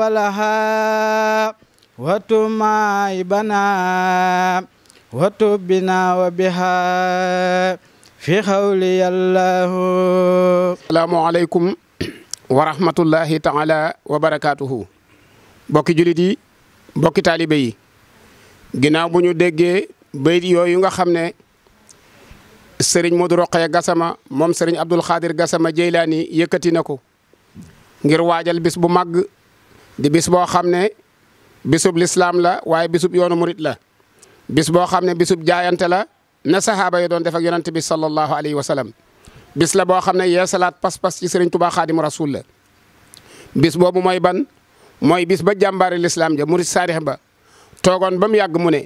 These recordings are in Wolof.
ولها وتم عيبنا وتب بنا وبها في خولي الله السلام عليكم ورحمة الله تعالى وبركاته bokki jullit yi bokki taalibe yi ginnaaw bu ñu déggee bayit yooyu nga xam ne sëriñ Modou Rokhaya Gassama moom sëriñ Abdul Xaadir Gassama Jeylaani yëkkati na ko ngir waajal bis bu màgg di bis boo xam ne bisub lislaam la waaye bisub yoonu murit la bis boo xam ne bisub jaayante la na sahaaba yi doon def ak yonent bi sallallahu alayhi wa sallam bis la boo xam ne yeesalaat pas-pas ci sëriñ tubaa xaadimu rasul la bis boobu mooy ban mooy bis ba jàmbaari lislaam ja murit saarix ba toogoon ba mu yàgg mu ne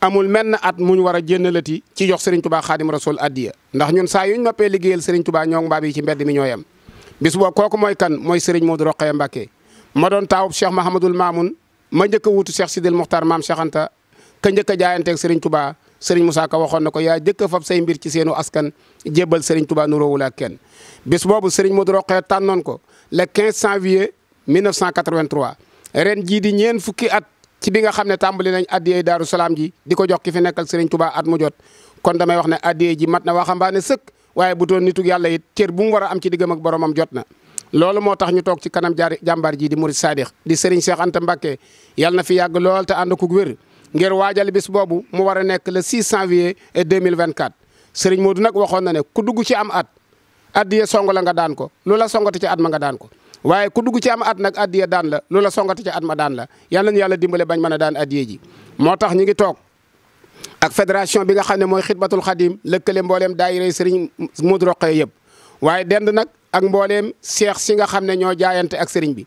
amul menn at muñ war a jénnalati ci jox sëriñ tubaa xaadim rasul addiya ndax ñun saa yuñ noppee liggéeyal sëriñ tubaa ñoo ngi mbaab yi ci mbedd mi ñooyam bis boo kooku mooy kan mooy sëriñ Moodu ma doon taawub cheikh Mahamadul Mamoun ma njëkk a wuutu cheikh Sidil Muxtaar maam Cheikh Anta ka njëkk a jaayanteeg Serigne Touba Serigne Moussa Ka waxoon na ko yaa jëkk a fab say mbir ci seenu askan jébbal Serigne Touba nuroowul ak kenn. bis boobu Serigne Modou Rokhaya tànnoon ko le 15 janvier 1983 ren jii di ñeen fukki at ci bi nga xam ne tàmbali nañ addiyee Daaru Salaam ji di ko jox ki fi nekkal Serigne tubaa at mu jot kon damay wax ne addiyee ji mat na waxambaane sëkk waaye bu doon nitu yàlla it cër bu mu war a am ci diggam ak boromam jot na. loolu moo tax ñu toog ci kanam jaar jàmbaar ji di murid saadix di Serigne Cheikh Anta Mbacké yàlla na fi yàgg lool te ànd ko wér ngir waajal bis boobu mu war a nekk le 6 janvier 2024 Serigne Modou nag waxoon na ne ku dugg ci am at addiya song la nga daan ko lu la songati ci at ma nga daan ko waaye ku dugg ci am at nag addiya daan la lu la songati ci at ma daan la yàlla nañu yàlla dimbale bañ mën a daan addiya ji moo tax ñu ngi toog ak fédération bi nga xam ne mooy xidmatul xadim lëkkale mbooleem daayira Serigne Modou Rokhaya yëpp waaye dend nag ak mbooleem seex si nga xam ne ñoo jaayante ak sëriñ bi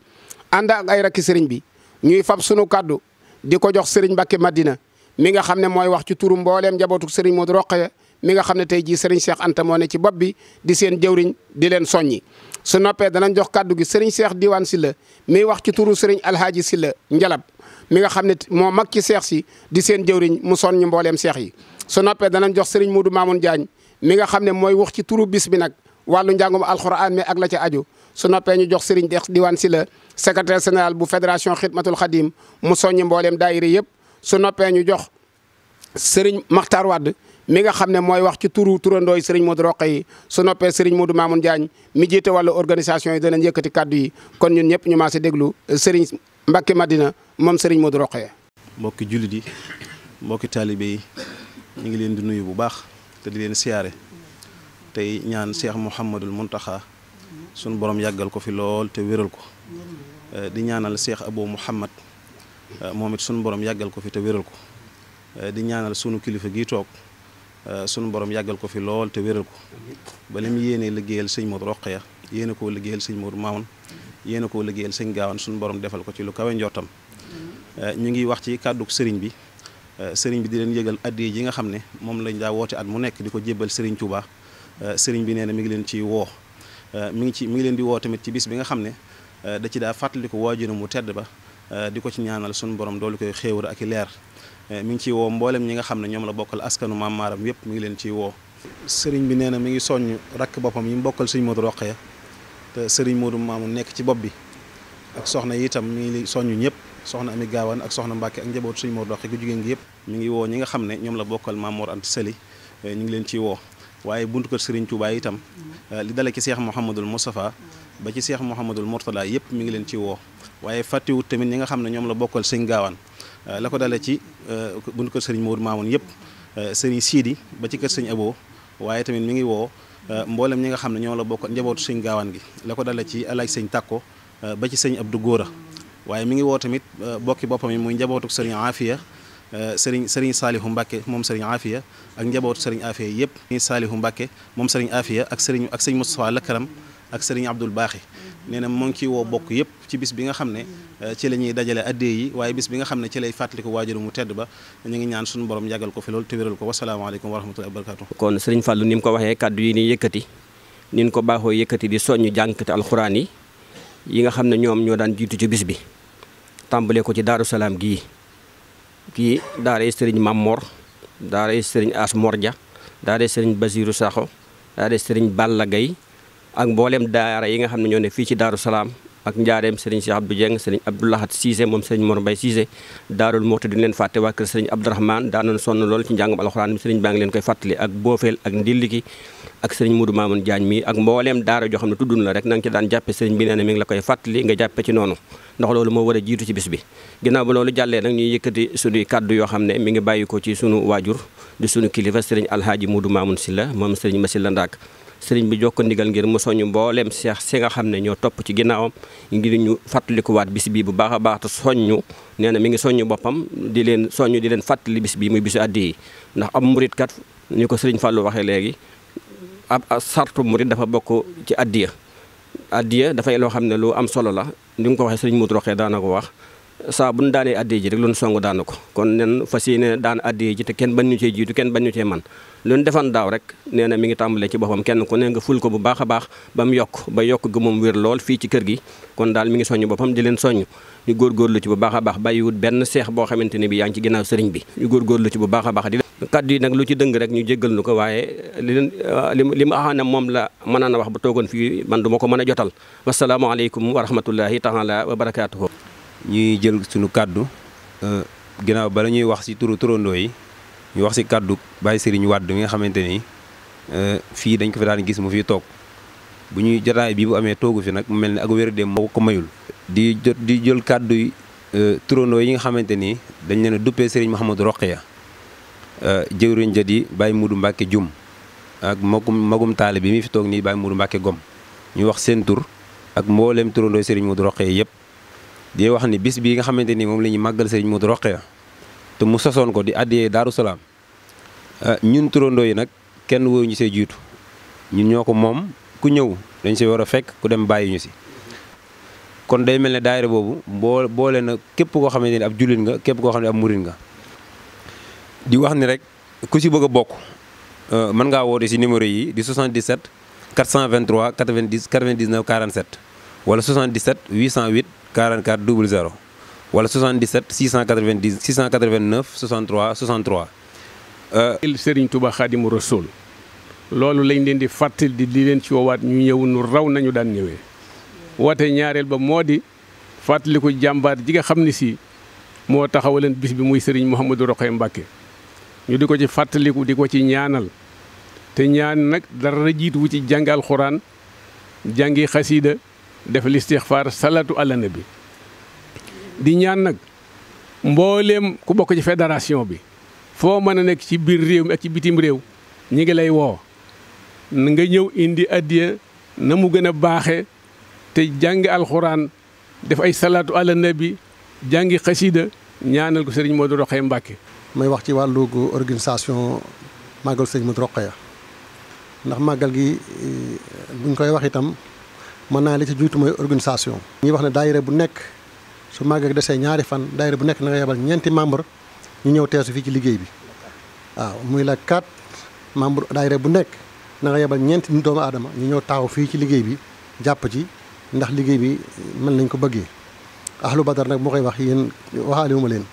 ànd ak ay rakki sëriñ bi ñuy fab sunu kàddu di ko jox sëriñ Mbacke maddina mi nga xam ne mooy wax ci turu mbooleem njabootu sëriñ Modou Rokhaya mi nga xam ne jii sëriñ Cheikh Anta moo ne ci bopp bi di seen di leen soññi su noppee danañ jox kaddu gi sëriñ Cheikh Diwane Sylla mi wax ci turu sëriñ Alhaji Sylla Njalab mi nga xam ne moo mag ci seex si di seen jëwriñ mu soññi mbooleem seex yi su noppee danañ jox sëriñ Modou Mamoun Diagne mi nga xam ne mooy wax ci turu bis bi nag wàllu njàngum alxuraan mi ak la ci aju su noppee ñu jox Serigne Dex Diwane Sylla secretaire sénéral bu fédération Xidmatul Xadim mu soññi mbooleem daayira yëpp su noppee ñu jox Serigne Makhtar wadd mi nga xam ne mooy wax ci turu turandooy Serigne Modou Roqe yi su noppee Serigne Modou Mamoun Diagne mi jiite wàllu organisation yi danañ yëkkati kàddu yi kon ñun ñëpp ñu maa si déglu Serigne Mbacke Madina moom Serigne Modou Roqe. mbokki jullit yi mbokki taalibe yi ñu ngi leen di nuyu bu baax te di leen siyaare. tey ñaan Cheikh Mouhamadul Muntaxa sunu borom yàggal ko fi lool te wéral ko eh, di ñaanal Cheikh Abou Mouhamad eh, moom it sunu borom yàggal ko fi te wéral ko eh, di ñaanal sunu kilifa gi toog sunu borom yàggal ko fi lool te wéral ko ba lim yéene liggéeyal sëñ Modou Rokhaya yéene koo liggéeyal sëñ Modou Mamoun yéene koo liggéeyal sëñ Gaawaan sunu borom defal ko ci lu kawe njottam ñu ngi wax ci kàddug sëriñ bi sëriñ bi di leen yëgal addiya yi nga xam ne moom lañ daa woote at mu nekk di ko jébbal sëriñ Touba. Euh, sëriñ bi nee na mi ngi leen ci woo euh, mu ngi ci mi ngi leen di woo tamit ci bis bi nga xam ne euh, da ci daa fàttaliku waajuram mu tedd ba di ko ci ñaanal sunu borom doolu koy xéewar ak i leer mi ngi ciy woo mboolem ñi nga xam ne ñoom la bokkal askanu maam maaram yëpp mi ngi leen ciy woo sëriñ bi nee na mi ngi soññ rakk boppam yi mu bokkal sëriñ Modou Rokhaya te sëriñ Modou maamu nekk ci bopp bi soxna yi itam mi ngi soññ ñëpp soxna ami gaawaan ak soxna Mbàkke ak njaboot sëriñ Modou Rokhaya jigéen gi yëpp mi ngi woo ñi nga xam ne ñoom la bokkal Maam Mor Anta ñu ngi leen ciy woo waaye buntu kër Serigne Touba itam euh, li dale ci Cheikh Mouhamadul Moustapha ba ci Cheikh Mouhamadul Mourtada yëpp mu ngi leen ci woo waaye fàttewut tamit ñi nga xam ne ñoom la bokkal sëñ gaawaan euh, la ko dale ci euh, buntu kër Serigne Modou Mamoun yëpp Serigne Sidi ba ci kër sëñ Abo waaye tamit mi ngi woo mboolem ñi nga xam ne ñoom la bokkal njabootu sëñ gaawaan gi la ko dale ci alaaj sëñ Takko ba ci sëñ Abdou Góora waaye mu ngi woo tamit bokki boppam yi muy njabootu sëriñ Afia Euh, sëriñ sëriñ Saalihu Mbàkke moom sëriñ Afiya ak njabootu sëriñ Afiya yëpp sëriñ Saalihu Mbàkke moom sëriñ Afiya ak sëriñ ak sëriñ Moustapha Lakaram ak sëriñ Abdul Baaxi nee na moo ngi ciy woo bokk yëpp ci bis bi nga xam ne euh, ci la ñuy dajale addee yi waaye bis bi nga xam ne ci lay fàttaliku waajur mu tedd ba ñu ngi ñaan suñu borom yàggal ko fi loolu te wéral ko wasalaamaaleykum wa rahmatullahi wa barakaatu kon sëriñ Fallou ni mu ko waxee kàddu yi ni yëkkati nin ko baaxoo yëkkati di soññu jànkati alxuraan yi yi nga xam ne ñoom ñoo daan jiitu ci bis bi tàmbale ko ci daaru salaam gii kii daaray sëriñ Mam Mor daaray sëriñ As Mor Dia daaray sëriñ Basiirou Sakho daaray sëriñ Balla Gaye ak mboolem daara yi nga xam ne ñoo ne fii ci Daaru Salaam ak njaareem sëriñ Cheikh Abdou Dieng sëriñ Abdoulahat Cissé moom sëriñ Mor Mbaye Cissé daarul Muxti duñ leen fàtte waa kër sëriñ Abdourahmane daanoon sonn lool ci njàngum alxuraan bi sëriñ baa ngi leen koy fàttali ak boofeel ak ndilliki ak sëriñ Modou Mamoun Diagne mi ak mbooleem daara joo xam ne tuddun la rek na ci daan jàppe sëriñ bi nee na mi ngi la koy fàttali nga jàppe ci noonu ndax loolu moo war a jiitu ci bis bi ginnaaw ba loolu jàllee nag ñuy yëkkati suñuy kàddu yoo xam ne mi ngi bàyyi ko ci sunu waajur di sunu kilifa sëriñ Alhaaji Modou si la moom sëriñ Masilla Ndaak sëriñ bi jokko ndigal ngir mu soñu mbooleem seex si nga xam ne ñoo topp ci ginnaawam ngir ñu fàttalikuwaat bis bii bu baax a baax te soññu nee na mi ngi soññu boppam di leen soññu di leen fàttali bii muy bisu àddi yi ndax am murit kat ni ko sëriñ Fàllu waxee léegi ab sartu murit dafa bokk ci addiya addiya dafay loo xam ne lu am solo la ni nga ko waxee sëriñ Modou Rokhaya daana ko wax saa bu daanee addiya ji rek lu ñu song daanu ko kon nen fas yéene daan addiya ji te kenn ba ñu cee jiitu kenn ba ñu cee man lu ñu defan rek nee na mi ngi tàmbalee ci boppam kenn ku ne nga ful ko bu baax a baax ba mu yokk ba yokk gi moom wér lool fii ci kër gi kon daal mu ngi soññ boppam di leen soññ ñu góorgóorlu ci bu baax a baax bàyyiwut benn seex boo xamante ne bi yaa ngi ci ginnaaw sëriñ bu baax a baax kàddu yi nag lu ci dëng rek ñu jéggal nu ko waaye li leen uh, li ma axaana moom la mënaan a wax bu toogoon fii man du ko mën a jotal wasalaamaaleykum wa rahmatullahi taala wa ko ñuy jël suñu kàddu uh, ginnaaw bala ñuy wax si turu turandoo yi ñu wax si kàddu Baye Serigne Wade mi nga xamante ni uh, fii dañ ko fi daan gis mu fi toog bu ñuy jotaay bii bu amee toogu fi nag mu mel ni ak wér dem moo ko mayul. di jot di jël kaddu turandoo yi nga xamante ni dañ leen a duppee Serigne Mouhamadou Roqeya Euh, jëwriñ ja di Baye Modou Mbacke Dioum ak magum magum taale bi mi fi toog nii Baye Modou Mbacke Gom ñu wax seen tur ak mboolem turandoo Serigne Modou Rokhaya yëpp di wax ni bis bii nga xamante ni moom la ñuy màggal Serigne Modou Rokhaya te mu sosoon ko di addiyee Daaru Salaam euh, ñun turandoo yi nag kenn wooyu ñu see jiitu ñun ñoo ko moom ku ñëw dañ si war a fekk ku dem bàyyi ñu si kon day mel ne daayira boobu boo boole na képp koo xamante ni ab jullit nga képp koo xam ne ab nga di wax ni rek ku si bëgg a bokk euh, mën ngaa woote si numéro yi di 77 423 90 99 47 wala 77 808 44 00 wala 77 690 689 63 63. il Serigne Touba Xaadimu Rasuul loolu lañ leen di fàttali di di leen ci woowaat ñu ñëw nu raw nañu daan ñëwee woote ñaareel ba moo di fàttaliku jàmbaar ji nga xam ne si moo taxawaleen bis bi muy Serigne Mouhamadou Rokhaya Mbacké. ñu di ko ci fàttaliku di ko ci ñaanal te ñaan nag dara jiituwu ci jàngal xuraan jàngi xasiida def listixfaar salatu ala nabi di ñaan nag mbooleem ku bokk ci fédération bi foo mën a nekk ci biir réew mi ak ci bitim réew ñu ngi lay woo nga ñëw indi addiya na mu gën a baaxe te jàngi alxuraan def ay salatu ala nabi jàngi xasiida ñaanal ko sëriñ Modou Rokhaya Mbacké may wax ci wàllu organisation màggal sëñ Modou Rokhaya ndax màggal gi eh, buñ koy wax itam mën naa li ci jiitu mooy organisation. ñuy wax ne daayira bu nekk su màggal desee ñaari fan dayre bu nekk na yebal ñeenti membre ñu ñëw teesu fii ci liggéey bi waaw muy la quatre membre daayira bu nekk na nga yebal ñeenti doomu aadama ñu ñëw taxaw fii ci liggéey bi jàpp ci ndax liggéey bi eh, mën nañ ko bëggee ahlu badar nag moo koy wax yéen waxaale ma leen.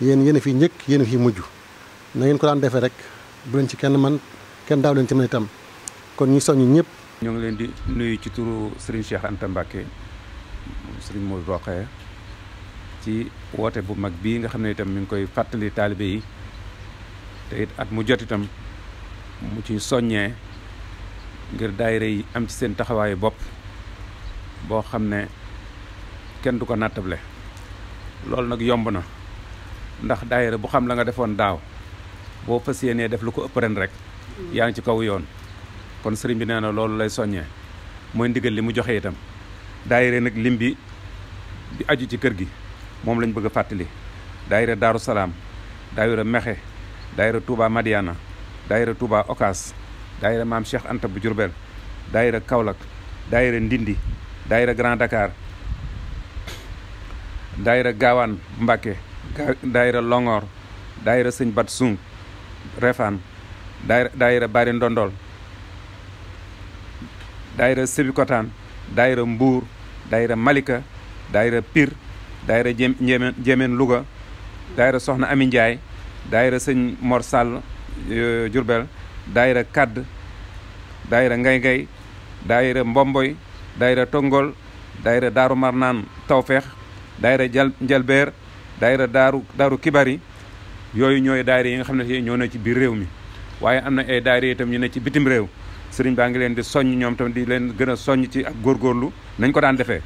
yéen yéen a fi njëkk yéen a fi mujj na ngeen ko daan defee rek bu leen ci kenn man kenn daaw leen ci mën itam kon ñu soññ ñëpp. ñoo ngi leen di nuyu ci turu Serigne Cheikh Anta Mbacke Serigne Modou Rokhaya ci woote bu mag bii nga xam ne itam mi ngi koy fàttali taalibe yi te it at mu jot itam mu ci soññee ngir daayira yi am ci seen taxawaayu bopp boo xam ne kenn du ko nattable loolu nag yomb na. ndax daayira bu xam la nga defoon daaw boo fas nee def lu ko ëpp ren rek hmm. yaa ngi ci kaw yoon kon sëriñ bi nee na loolu lay soññee mooy ndigal li mu joxe itam daayira nag lim bi aju ci kër gi moom lañ bëgg a fàttali daayira daaru salaam daayira mexe daayira Touba Madiana daayira Touba Okas daayira maam Cheikh Anta bu Jurbel daayira Kaolack daayira Ndindi daayira Grand Dakar daayira Gaawaan Mbàkke daayira Longoor daayira sëñ Bat Sung Refaan daayira Bari Ndondol daayira Sébikotaan daayira Mbuur daayira Malika daayira Pir daayira Njéemeen Njéemeen Louga daayira Soxna Ami Ndiaye daayira sëñ Mor Sall Jurbel daayira Kadd daayira Ngay Ngay daayira Mbomboy daayira Tongol daayira Daaru Tawfeex daayira Njalbeer daayira daaru daaru kibar yi yooyu ñooy daayira yi nga xam ne ñoo ne ci biir réew mi waaye am na ay daayira itam ñu ne ci bitim réew sëriñ baa ngi leen di soññ ñoom tam di leen gën a soññ ci ak góorgóorlu nañ ko daan defee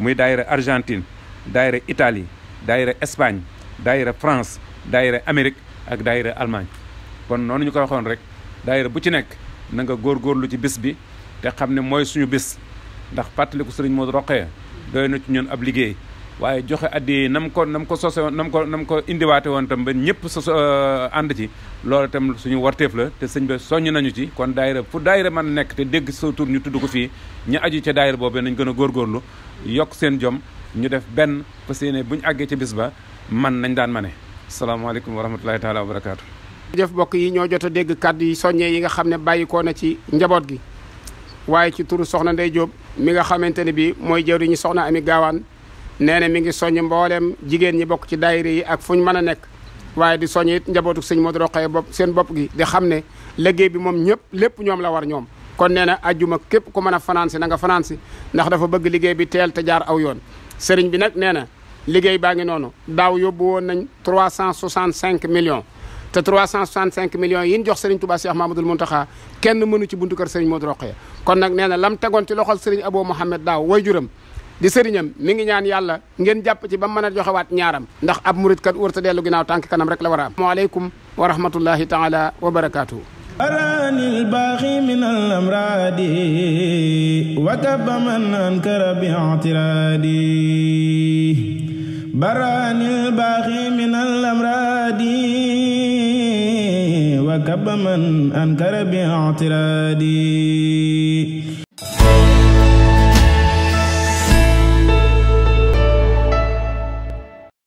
muy daayira Argentine daayira Italie daayira Espagne daayira France daayira Amérique ak daayira Allemagne kon noonu ñu ko waxoon rek daayira bu ci nekk na nga góorgóorlu ci bis bi te xam ne mooy suñu bis ndax fàttaliku sëriñ Modou Rokhaya doy na ci ñun ab liggéey waaye joxe addiye nam ko nam ko sose woon nam ko nam ko indiwaate woon tam ba ñëpp so euh, ànd ci loolu itam suñu warteef la te sëñ ba soññ nañu ci kon daayira fu daayira man nekk te dégg sa tur ñu tudd ko fii ñu aju ca daayira boobu nañ gën a góorgóorlu yokk seen jom ñu def benn parce que bu ñu àggee ca bis ba man nañ daan mane salaamaaleykum wa rahmatulahi taala wa barakaatu jëf mbokk yi ñoo jot a dégg kàddu yi soññee yi nga xam ne bàyyikoo na ci njaboot gi waaye ci tur soxna Ndey Jóob mi nga xamante ne bi mooy jëwriñu soxna Ami Gaawaan nee na mi ngi soññ mboolem jigéen ñi bokk ci daayira yi ak fu ñu mën a nekk waaye di soññ it njabootu sëñ Modou Rokhaya bopp seen bopp gi di xam ne liggéey bi moom ñëpp lépp ñoom la war ñoom kon nee na ajjuma képp ku mën a fanaan si na nga fanaan si ndax dafa bëgg liggéey bi teel te jaar aw yoon sëriñ bi nag nee na liggéey baa ngi noonu daaw yóbbu woon nañ 365 millions te 365 millions yi ñu jox Serigne Touba Cheikh Mamadou Mountakha kenn mënu ci buntu kër Serigne Modou Rokhaya kon nag nee na lam tegoon ci loxol Serigne Abo Mohamed daaw way juram di sëriñam mi ngi ñaan yàlla ngeen jàpp ci ba mën a joxewaat ñaaram ndax ab murit kat wërta dellu ginnaaw tànk kanam rek la war a am waaleykum wa rahmatullahi taala wa barakaatuhu arani min al amradi man ankara bi i'tiradi